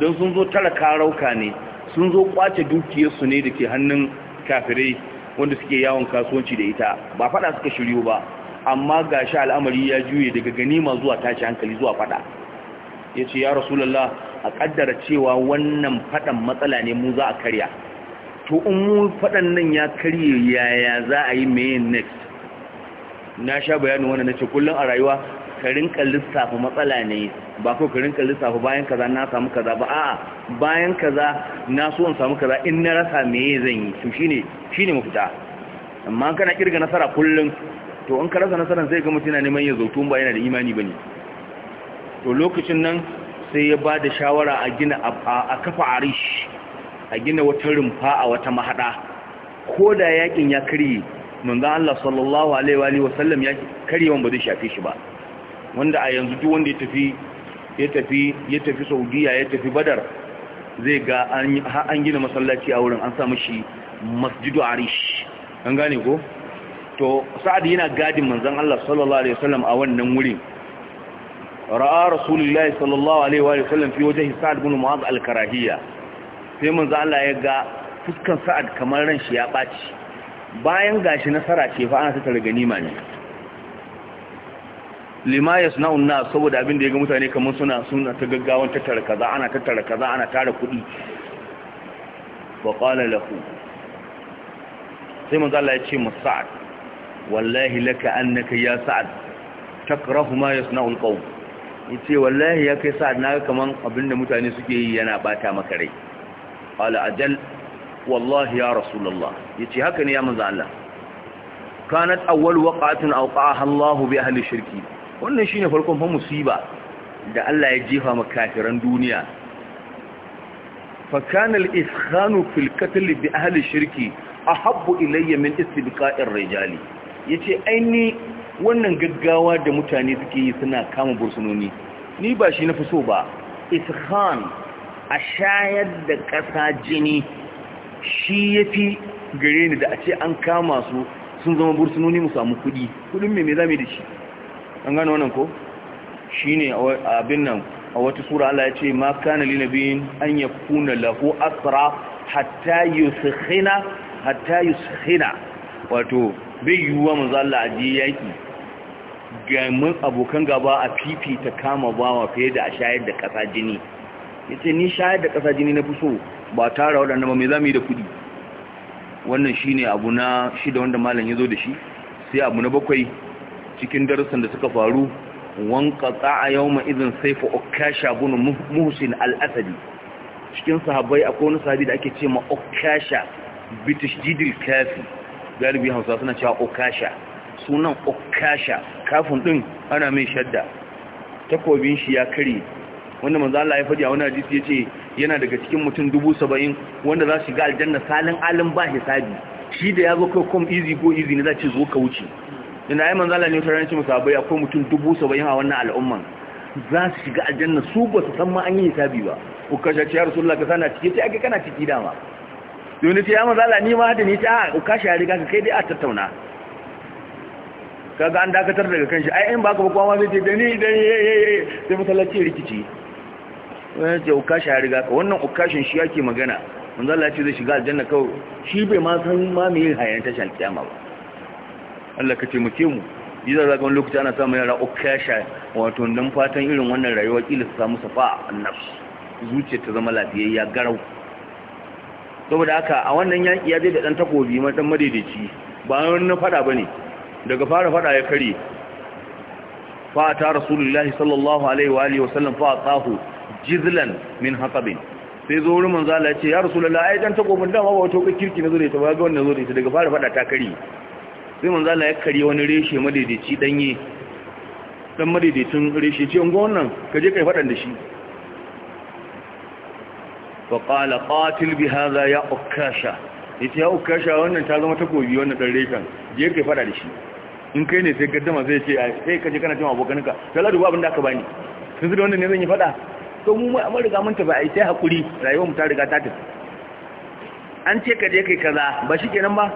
don sun zo tara karauka ne sun zo kwace dukiyarsu ne da ke hannun kafirai wanda suke yawon kasuwanci da ita ba fada suka shiryo ba amma ga shi al'amari ya juye daga ganima zuwa tashi hankali zuwa fada ya ce ya rasulallah a kaddara cewa wannan fadan matsala ne mu za a karya to in mu fadan nan ya karye yaya za a yi mai next na sha bayanin wannan na ce kullum a rayuwa ka rinka lissafa matsala ne ba ko ka rinka lissafa bayan kaza na samu kaza ba a'a bayan kaza na so in samu kaza in na rasa mai zan yi to shine shine mafita amma kana kirga nasara kullum to in ka rasa nasaran sai ka mutuna neman ya zo tun ba yana da imani bane to lokacin nan sai ya ba da shawara a gina a kafa arish a gina wata rumfa a wata mahada ko da yakin ya karye manzo Allah sallallahu alaihi wa sallam ya kare ba zai shafe shi ba wanda a yanzu duk wanda ya tafi ya tafi ya tafi Saudiya ya tafi Badar zai ga an gina masallaci a wurin an sa mishi Masjidu Arish an gane ko to Sa'ad yana gadin manzon Allah sallallahu alaihi wasallam a wannan wurin ra'a rasulullahi sallallahu alaihi wa sallam fi wajhi sa'ad ibn mu'az al-karahiyya sai manzo Allah ya ga fuskan sa'ad kamar ran shi ya baci bayan gashi nasara ce fa ana ta ganima ne lima yasna'u saboda abin da ya ga mutane kamar suna suna ta gaggawan tattara kaza ana tattara kaza ana tara kudi wa qala lahu sai manzo ya ce sa'ad wallahi ya sa'ad yace wallahi ya kai sa'ad naga kaman abinda mutane suke yi yana bata maka rai qala ajal wallahi ya rasulullah yace haka ne ya manzo Allah kanat awwal waqatin awqa'aha Allah bi ahli shirki wannan shine farkon fa musiba da Allah ya jefa ma kafiran duniya fa kana al-iskhanu fil qatl bi ahli shirki ahabbu ilayya min istibqa'ir rijali yace aini wannan gaggawa da mutane suke yi suna kama bursunoni ni ba shi na fi so ba ishan a shayar da ƙasa jini shi ya fi gare ni da a ce an kama su sun zama bursunoni mu samu kuɗi kuɗin mai zame da shi an gano wannan ko shi ne abin nan a wata sura Allah ya ce ma kana lina nabiyin an ya kuna lahu asra hatta yuskhina hatta yuskhina wato bai yiwuwa manzo Allah a ji yaki gamin abokan gaba a fifita kama bawa fiye da a shayar da ƙasa jini ya ce ni shayar da ƙasa jini na fuso ba tara waɗanda ba mai za yi da kudi wannan shi ne abu na shida wanda malam ya zo da shi sai abu na bakwai cikin darussan da suka faru wanka a yau ma izin saifa okasha bunu muhusin al'asadi cikin sahabbai a kowane sahabi da ake ce ma okasha british jidil kafi galibi hausa suna cewa okasha sunan ukasha kafin din ana mai shadda takobin shi ya kare wanda manzo Allah ya faɗi a wani hadisi yace yana daga cikin mutum dubu saba'in wanda za su shiga aljanna salin alim ba hisabi shi da ya zo kai kom easy go easy ne za ci zo ka wuce ina ai manzo Allah ne tarin ci ya akwai mutum dubu saba'in a wannan al'umman za su shiga aljanna su ba su san ma an yi hisabi ba ukasha ce ya rasulullah ka sana cike ce ake kana ciki dama yau ne ce ya manzo Allah ni ma da ni ta ukasha ya riga ka kai dai a tattauna kaga an dakatar daga kanshi ai in baka ba kuma zai ce da ni da sai masallaci rikici wannan ce ukashi ya riga ka wannan ukashin shi yake magana manzo Allah ya ce zai shiga aljanna kawai shi bai ma san ma me yin hayan tashin kiyama ba Allah ka taimake mu yi za ka wani lokaci ana samun yara ukashi wato dan fatan irin wannan rayuwa kila su samu safa annafs zuciya ta zama lafiyayya garau saboda haka a wannan yaki ya je da dan takobi ma dan madaidaici ba wani na fada bane daga fara fada ya kare fa ta rasulullahi sallallahu alaihi wa alihi wasallam fa atahu jizlan min hatabin sai zo wurin manzo Allah ya ce ya rasulullahi ai dan takobin dama ba wato kirki na zo da ita ba ga wannan zo ne daga fara fada ta kare sai manzo Allah ya kare wani reshe madaidaici danye dan madaidaicin reshe ce ungo wannan ka je kai fadan da shi fa qala qatil bi hadha ya ukasha ita ya ukasha wannan ta zama takobi wannan dan reshen je kai fada da shi in kai ne sai gaddama zai ce sai kaje kana cewa abokanka sai ladu abin da aka bani sun su da wannan ne zan yi fada to mu mai amurga mun tafi ai sai hakuri rayuwar mu ta riga ta tafi an ce kaje kai kaza ba shikenan ba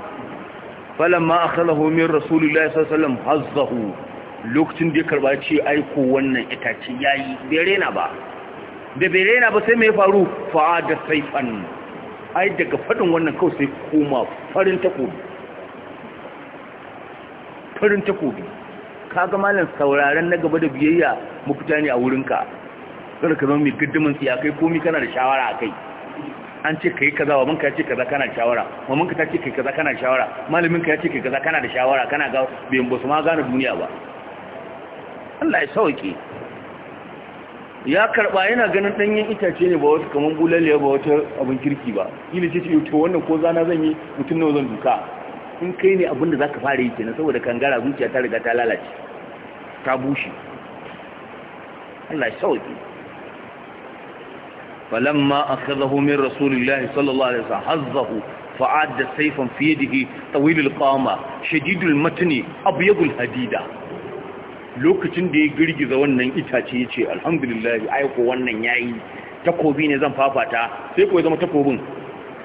falamma akhadahu min rasulillahi sallallahu alaihi wasallam hazzahu lokacin da ya karba ce aiko wannan itace yayi bai rena ba da bai rena ba sai mai faru fa'a da saifan ai daga fadin wannan kawai sai koma farin takobi farin takobi kaga malam sauraren na gaba da biyayya mafita ne a wurinka kada ka zama mai gidimin siya kai komi kana da shawara a kai an ce kai kaza wa ka ya ce kaza kana da shawara mamanka ta ce kai kaza kana da shawara malamin ka ya ce kai kaza kana da shawara kana ga bayan bosu ma gane duniya ba Allah ya sauke ya karba yana ganin danyen itace ne ba wasu kaman bulaliya ba wata abin kirki ba ilice ce to wannan ko zana zan yi mutum nawa zan duka in kai ne abin da za ka fara yi kenan saboda kangara zuciya ta riga ta lalace ta bushe Allah sauki falamma akhadahu min rasulillahi sallallahu alaihi wasallam hazzahu fa'adda sayfan fi yadihi Tsawilil, qama shadidul matni abyadul hadida lokacin da ya girgiza wannan itace ce alhamdulillah ai ko wannan yayi takobi ne zan fafata sai ko ya zama takobin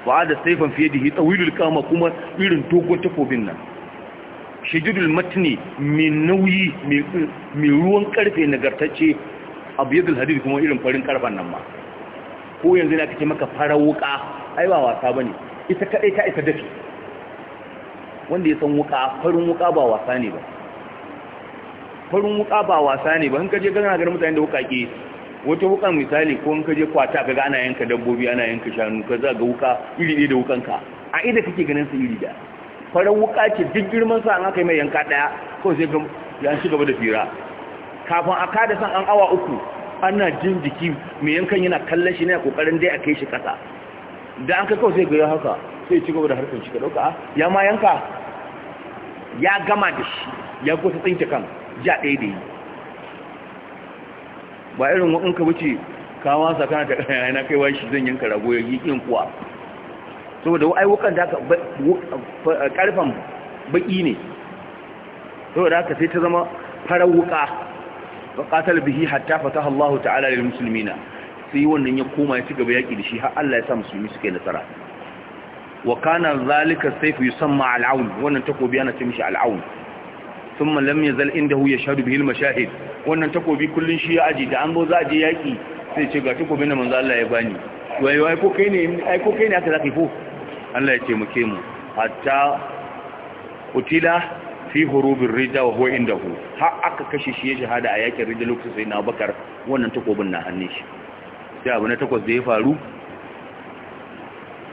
wa da saifan fiye da hi tsawilul kama kuma irin dogon takobin nan shididul matni mai nauyi mai ruwan karfe nagartacce abu yadda hadid kuma irin farin karfen nan ma ko yanzu na kake maka fara wuka ai ba wasa ba ne, ita kaɗai ta isa dafi wanda ya san wuka farin wuka ba wasa ne ba farin wuka ba wasa ne ba in ka je gana ga mutane da wukake wata wukan misali ko ka je kwata ka ga ana yanka dabbobi ana yanka shanu ka za ga wuka iri ne da wukan ka a inda kake ganin su iri da farar wuka ce duk girman sa an aka yi mai yanka daya ko sai ga ya shiga da fira kafin a kada san an awa uku ana jin jiki mai yankan yana kallon shi ne kokarin dai a kai shi kasa da an ka kawai sai ga ya haka sai ci gaba da harkar shi ka dauka ah, ya ma yanka ya gama da shi ya kusa tsinke kan ja ɗaya da yi ba irin in ka wuce kawo sa kana ta kaya na kaiwa shi zan yanka rago ya yi kin kuwa saboda ai wukan da karfan baƙi ne saboda aka sai ta zama farar wuka wa bihi hatta fata Allah ta'ala da Musulmi na. sai wannan ya koma ya ci gaba yaƙi da shi har Allah ya sa musulmi suke nasara wa kana zalika fi yusamma al-aun wannan takobi ana ce mishi al'aun ثم لم يزل عنده يشهد به المشاهد wannan takobi kullun shi ya aji da an zo za a je yaki sai ce ga takobin da manzo Allah ya bani wai wai ko kai ne ai ko kai ne aka zaka ko Allah ya ce mu ke mu hatta utila fi hurubir rida wa huwa indahu Ha aka kashe shi ya shahada a yakin rida lokacin sai na bakar wannan takobin na hannun shi sai abu na takwas da ya faru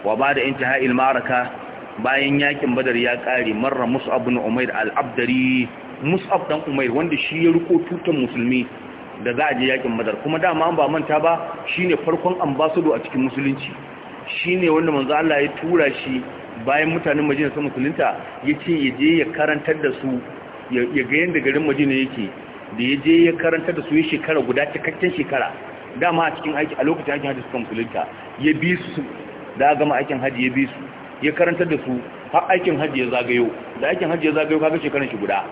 wa ba da intihai al-ma'araka bayan yakin badar ya kare marra mus'ab ibn umair al-abdari mus'ab dan umair wanda shi ya riko tutan musulmi da za a je yakin badar kuma dama an ba manta ba shine farkon ambassador a cikin musulunci shine wanda manzo Allah ya tura shi bayan mutanen Madina sun musulunta yace ya je ya karantar da su ya ga yanda garin Madina yake da ya je ya karantar da su ya shekara guda cikakken shekara dama a cikin aiki a lokacin aikin hajji suka musulunta ya bi su da gama aikin hajji ya bi su ya karanta da su har aikin hajji ya zagayo da aikin hajji ya zagayo kaga shekaran shi guda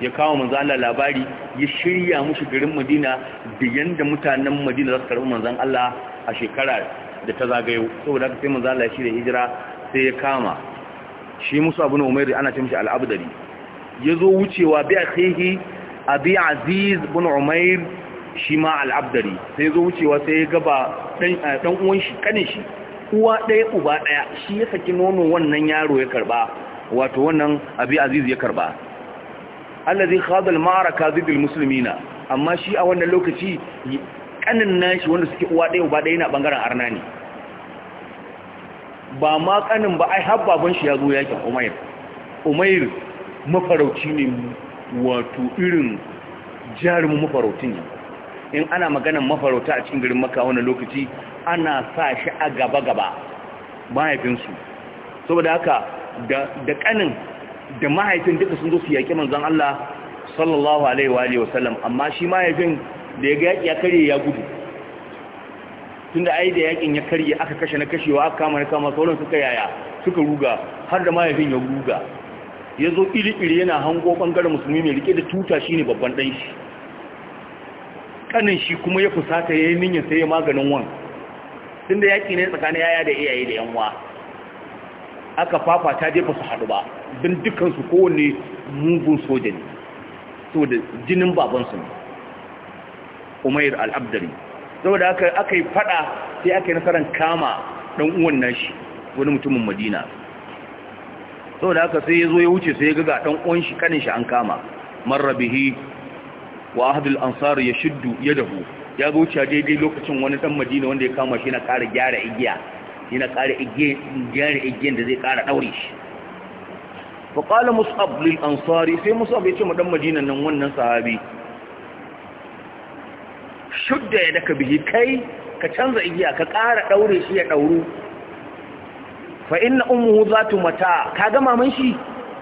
ya kawo manzo Allah labari ya shirya mushi garin Madina da yanda mutanen Madina za su karbi manzon Allah a shekara da ta zagayo saboda haka sai manzo Allah ya shirya hijira sai ya kama shi Musa ibn Umair ana ce mishi al-Abdari yazo wucewa bi akhihi Abi Aziz ibn Umair shi ma al-Abdari sai yazo wucewa sai ya gaba ɗan dan eh, uwan shi kanin shi uwa ɗaya uba ɗaya shi ya saki nono wannan yaro ya karba wato wannan abi aziz ya karba allazi khadha maaraka zid muslimina amma shi a wannan lokaci kanin nashi wanda suke uwa ɗaya uba ɗaya na bangaren arna ne ba ma kanin ba ai har baban shi ya zo yakin umair umair mafarauci ne wato irin jarumin mafarautin ne in ana maganan mafarauta a cikin garin Makka wani lokaci ana sa shi a gaba-gaba mahaifinsu saboda haka da kanin da mahaifin duka sun zo su yaƙi manzan Allah sallallahu alaihi wa sallam amma shi mahaifin da ya ga yaƙi ya karye ya gudu Tunda ai da yaƙin ya karye aka kashe na kashewa aka kama na kama sauran suka yaya suka ruga har da mahaifin ya ruga ya zo iri-iri yana hango ɓangaren musulmi mai rike da tuta shine babban ɗan shi kanin shi kuma ya fusata ya yi niyyar sai ya maganin wan tun da yaƙi ne tsakanin yaya da iyaye da yanwa aka fafata ta jefa su haɗu ba don dukansu kowane mugun soja ne da jinin babansu ne umair al'abdari saboda aka yi faɗa sai aka yi nasarar kama ɗan uwan nashi wani mutumin madina saboda haka sai ya zo ya wuce sai ya gaga ɗan uwan shi kanin shi an kama marrabihi wa ahadul ansar ya dahu, yadahu ya zo wuce daidai lokacin wani dan madina wanda ya kama shi na ƙara gyara igiya yana kare igiya gyara igiyan da zai kara daure shi fa qala mus'ab lil ansari sai mus'ab ya ce mu dan madina nan wannan sahabi shudda ya daka bihi kai ka canza igiya ka kara daure shi ya dauru fa inna ummuhu zatu mata kaga maman shi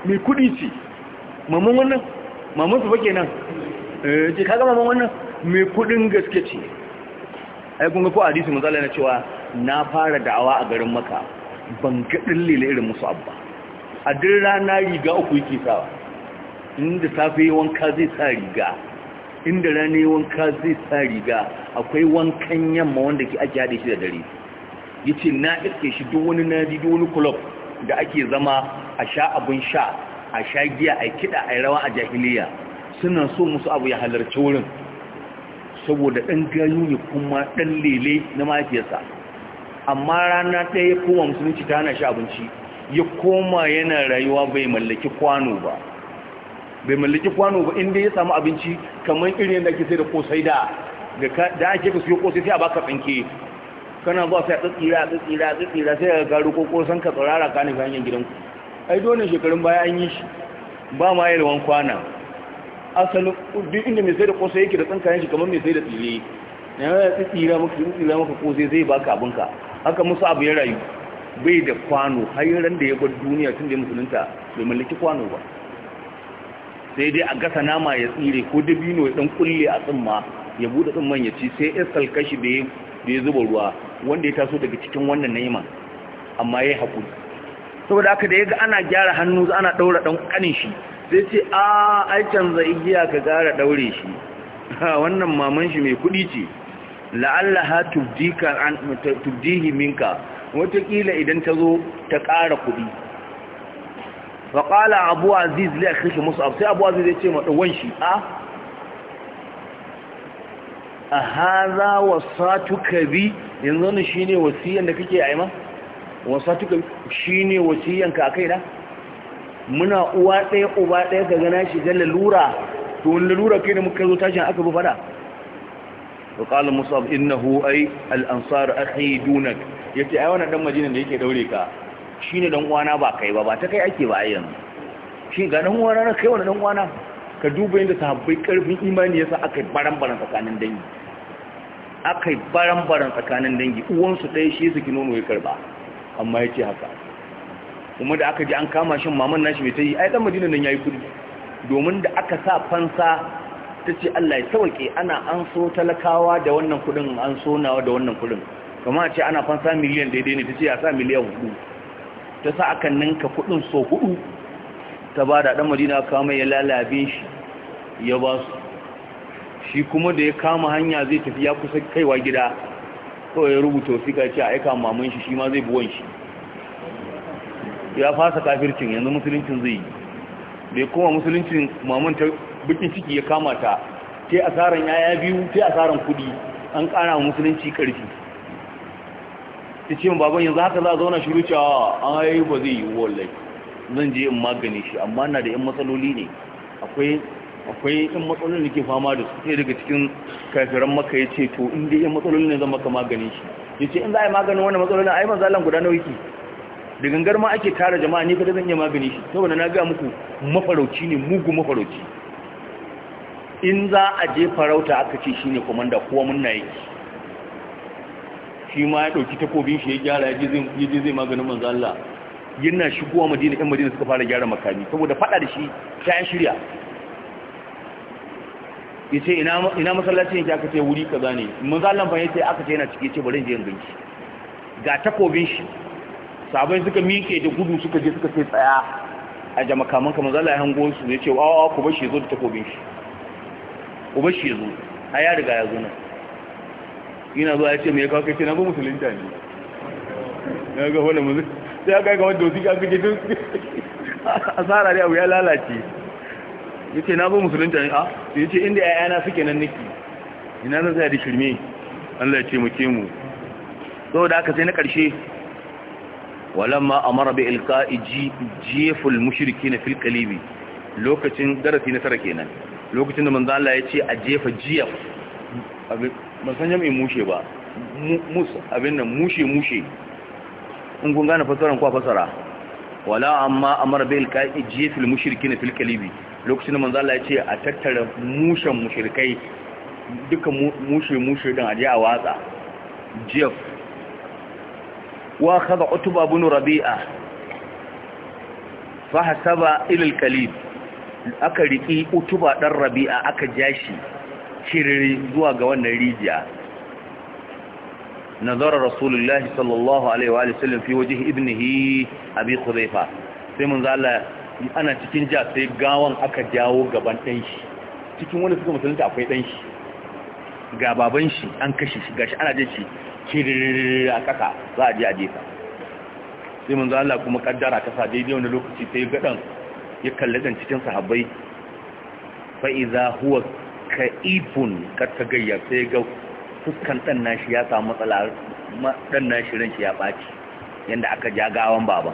mai kudi ce maman wannan maman su fa kenan eh ce kaga maman wannan mai kudin gaske ce ai kun ga ko hadisi matsala na cewa na fara da'awa a garin maka ban ga dillile irin musu abba a duk rana riga uku yake sawa inda safe wanka zai sa riga inda rana wanka zai sa riga akwai wankan yamma wanda ke ake haɗe shi da dare yace na iske shi duk wani nadi duk wani club da ake zama a sha abun sha a sha giya a kiɗa a rawa a jahiliya suna so musu abu ya halarci wurin saboda ɗan gayu ne kuma ɗan lele na mafiyarsa amma rana ɗaya ya koma musulunci ta hana shi abinci ya koma yana rayuwa bai mallaki kwano ba bai mallaki kwano ba inda ya samu abinci kamar irin da ake sai da kosai da da ake ka siyo kosai sai a baka tsanke kana zuwa sai a tsira, a tsira, a tsitsira sai a garu ko kosan ka tsirara ka ne hanyar gidanku ai dole shekarun baya an yi shi ba ma yi rawan kwana asalin duk inda mai sai da kosai yake da tsinkayen shi kamar mai sai da tsire na yana ta tsira maka yi tsira maka kosai zai baka abinka haka musu abu ya rayu bai da kwano hayyaran da ya bar duniya tun da musulunta bai mallaki kwano ba sai dai a gasa nama ya tsire ko dabino ya dan kulle a tsimma ya bude tsimman ya ci sai ya kashi da ya zuba ruwa wanda ya taso daga cikin wannan naima amma ya yi haƙuri saboda haka da ya ga ana gyara hannu ana ɗaura ɗan ƙanin shi sai ce a aikin canza igiya ka gara daure shi wannan maman shi mai kudi ce la'allaha tubdika an tubdihi minka watakila idan ta zo ta ƙara kudi wa qala abu aziz a kashe musu abu. sai abu aziz zai ce ma shi a a haza tuka bi yanzu ne shine wasiyan da kake aima shi shine wasiyan ka kai na muna uwa ɗaya uba ɗaya ga gana shi zan lalura to wani lalura kai da muka zo tashin aka bi fada to qala musab innahu ay al'ansar, ansar akhi dunak yace ai wannan dan majina da yake daure ka shi ne uwana ba kai ba ba ta kai ake ba yanzu shi ga ɗan uwana na kai wani ɗan uwana ka duba yadda sahabbai karfin imani sa aka baran-baran tsakanin dangi aka baran-baran tsakanin dangi uwansu ɗaya shi suke nono ya karba amma ya ce haka kuma da aka ji an kama shi maman nashi mai ta yi ai dan madina nan yayi kudi domin da aka sa fansa ta Allah ya sauke ana an so talakawa da wannan kudin an so nawa da wannan kudin kuma a ce ana fansa miliyan daidai ne ta ya a sa miliyan hudu ta sa aka ninka kudin so hudu ta ba da dan madina kama ya lalabe shi ya ba su shi kuma da ya kama hanya zai tafi ya kusa kaiwa gida kawai ya rubuta wasiƙa ce a aika maman shi shi ma zai buwan shi ya fasa kafircin yanzu musuluncin zai yi bai kuma musuluncin mamanta bikin ciki ya kamata sai asaran yaya biyu sai asaran kudi an kana musulunci karfi ta ce baban yanzu haka za a zauna shiru cewa ai ba zai yi wallai zan je in magani shi amma na da yan matsaloli ne akwai yan matsalolin da ke fama da su sai daga cikin kafiran maka ya ce to inda yan matsalolin ne zan maka maganin shi ya ce in za a yi maganin wani matsalolin ai manzalan guda na wiki da gangar ma ake tara jama'a ne kada zan iya magani shi saboda na ga muku mafarauci ne mugu mafarauci in za a je farauta aka ce shine komanda kowa na yake shi ma ya dauki takobin shi ya gyara ya je zai maganin manzo Allah yana shigowa madina ɗan madina suka fara gyara makami saboda fada da shi ta yan shirya ya ce ina masallacin yake aka ce wuri kaza ne manzo Allah fa ya ce aka ce yana cike ce bari je ga takobin shi sabai suka miƙe da gudu suka je suka sai tsaya a jamakaman kamar zala ya hango su ya ce wa ku bashi zo da takobin shi ku bashi zo a ya riga ya zo nan Ina zuwa ya ce mai kawo kai ce na ba musulunta ne na ga wani musulun sai aka ga wanda wasu ka kake tun asara ne abu ya lalace ya ce na ba musulunta ne a ya ce inda ya'yana suke nan niki ina zan sai da shirme Allah ya ce mu ke mu saboda haka sai na ƙarshe walamma amara bi ilqa'i jiful mushrikina fil qalibi lokacin darasi na tara kenan lokacin da manzo Allah ya ce a jefa jiyaf abin ban san jami'in mushe ba mus abin nan mushe mushe in kun gane fasaran kwa fasara wala amma amara bil ka'i jifil mushrikin fil qalibi lokacin da manzo Allah ya ce a tattara mushen mushrikai duka mushe mushe din aje a watsa jif واخذ عتبة بن ربيعة فحسب إلى الكليب aka riƙi utuba ɗan rabi'a aka jashi shiriri zuwa ga wannan rijiya nazarar rasulullahi sallallahu alaihi wa sallam fi waje ibnihi abi khuzaifa sai mun zala ana cikin ja sai gawan aka jawo gaban ɗan shi cikin wani suka musulunta akwai ɗan shi ga baban shi an kashe shi gashi ana jin shi Kiririri a ƙasa za a je a jefa sai kuma kaddara ƙasa daidai wani lokaci sai ya kalli dan cikin sahabbai huwa ka'ifun ka sai ga fuskan dan shi ya samu matsala nashi ran shi ya ɓaci, yanda aka ja gawan baban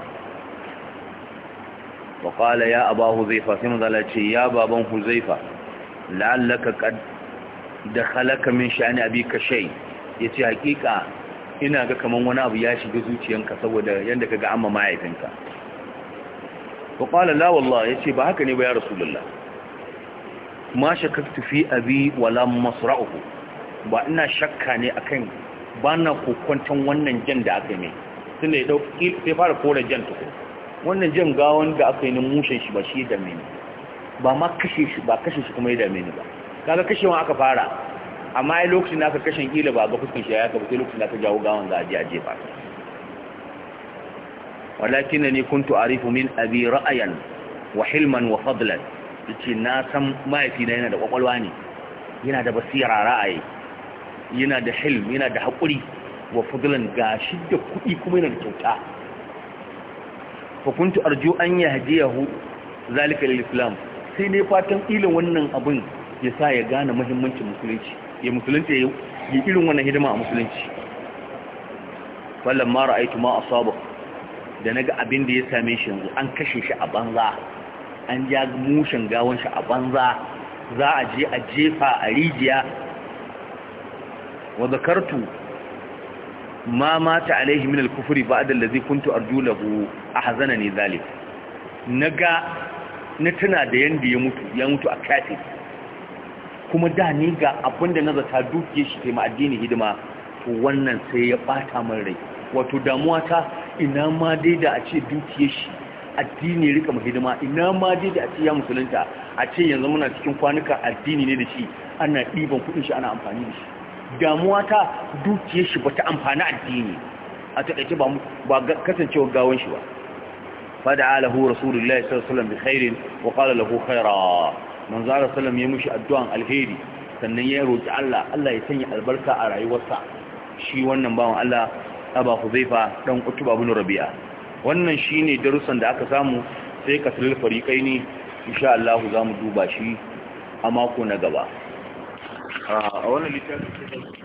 wa ya aba huzaifa sai manzo ya baban huzaifa la'allaka da dakhalaka min sha'ani abika shai. ya ce hakika ina ga kaman wani abu ya shiga zuciyanka saboda yadda ka ga amma mahaifinka ba ƙwala lawallah ya ce ba haka ne ba ya rasulullah ma shakar fi abi wala masra'uhu ba ina shakka ne a kan ba na kokwanton wannan jan da aka yi mai da ya dauki sai fara kore jan tuku wannan jan gawon da aka yi na mushen shi ba shi ya dame ni ba ma kashe shi kuma ya dame ni ba kaga kashewa aka fara amma ya lokacin da aka kashin kila ba ga fuskin shi ya ka sai lokacin da aka jawo gawan da ajiye je a jefa walakin ne kuntu arifu min abi ra'ayan wa hilman wa fadlan yace na san mahaifi na yana da kwakwalwa ne yana da basira ra'ayi yana da hilm yana da haƙuri wa fadlan gashi da kuɗi kuma yana da kyauta fa kuntu arju an yahdiyahu zalika lil islam sai ne fatan ilin wannan abin ya sa ya gane muhimmancin musulunci ya musulunci ya yi irin wannan hidima a musulunci wallan mara aitu ma a sabon da na ga abin da ya same shi yanzu an kashe shi a banza an ja mushin gawon shi a banza za a je a jefa a rijiya wa zakartu ma mata alaihi min al-kufri da zai kuntu arju a hazana ne zalif. na tuna da yanda ya mutu ya mutu a kafin kuma da ni ga abin da na zata dukiye shi kai ma addini hidima to wannan sai ya bata min rai wato damuwa ta ina ma dai da a ce dukiye shi addini rika mu hidima ina ma dai da a ce ya musulunta a ce yanzu muna cikin kwanuka addini ne da shi ana ɗiban kuɗin shi ana amfani da shi damuwa ta dukiye shi bata amfani addini a taƙaice ba ba kasancewa gawan shi ba fada alahu rasulullahi sallallahu alaihi wasallam bi khairin wa qala lahu khaira manzo Allah sallam ya mushi addu'an alheri sannan ya roki Allah Allah ya sanya albarka a rayuwarsa shi wannan bawan Allah Aba Huzaifa dan Utuba ibn Rabi'a wannan shine darussan da aka samu sai ka fari-kai fariqaini insha Allah zamu duba shi a mako na gaba a wannan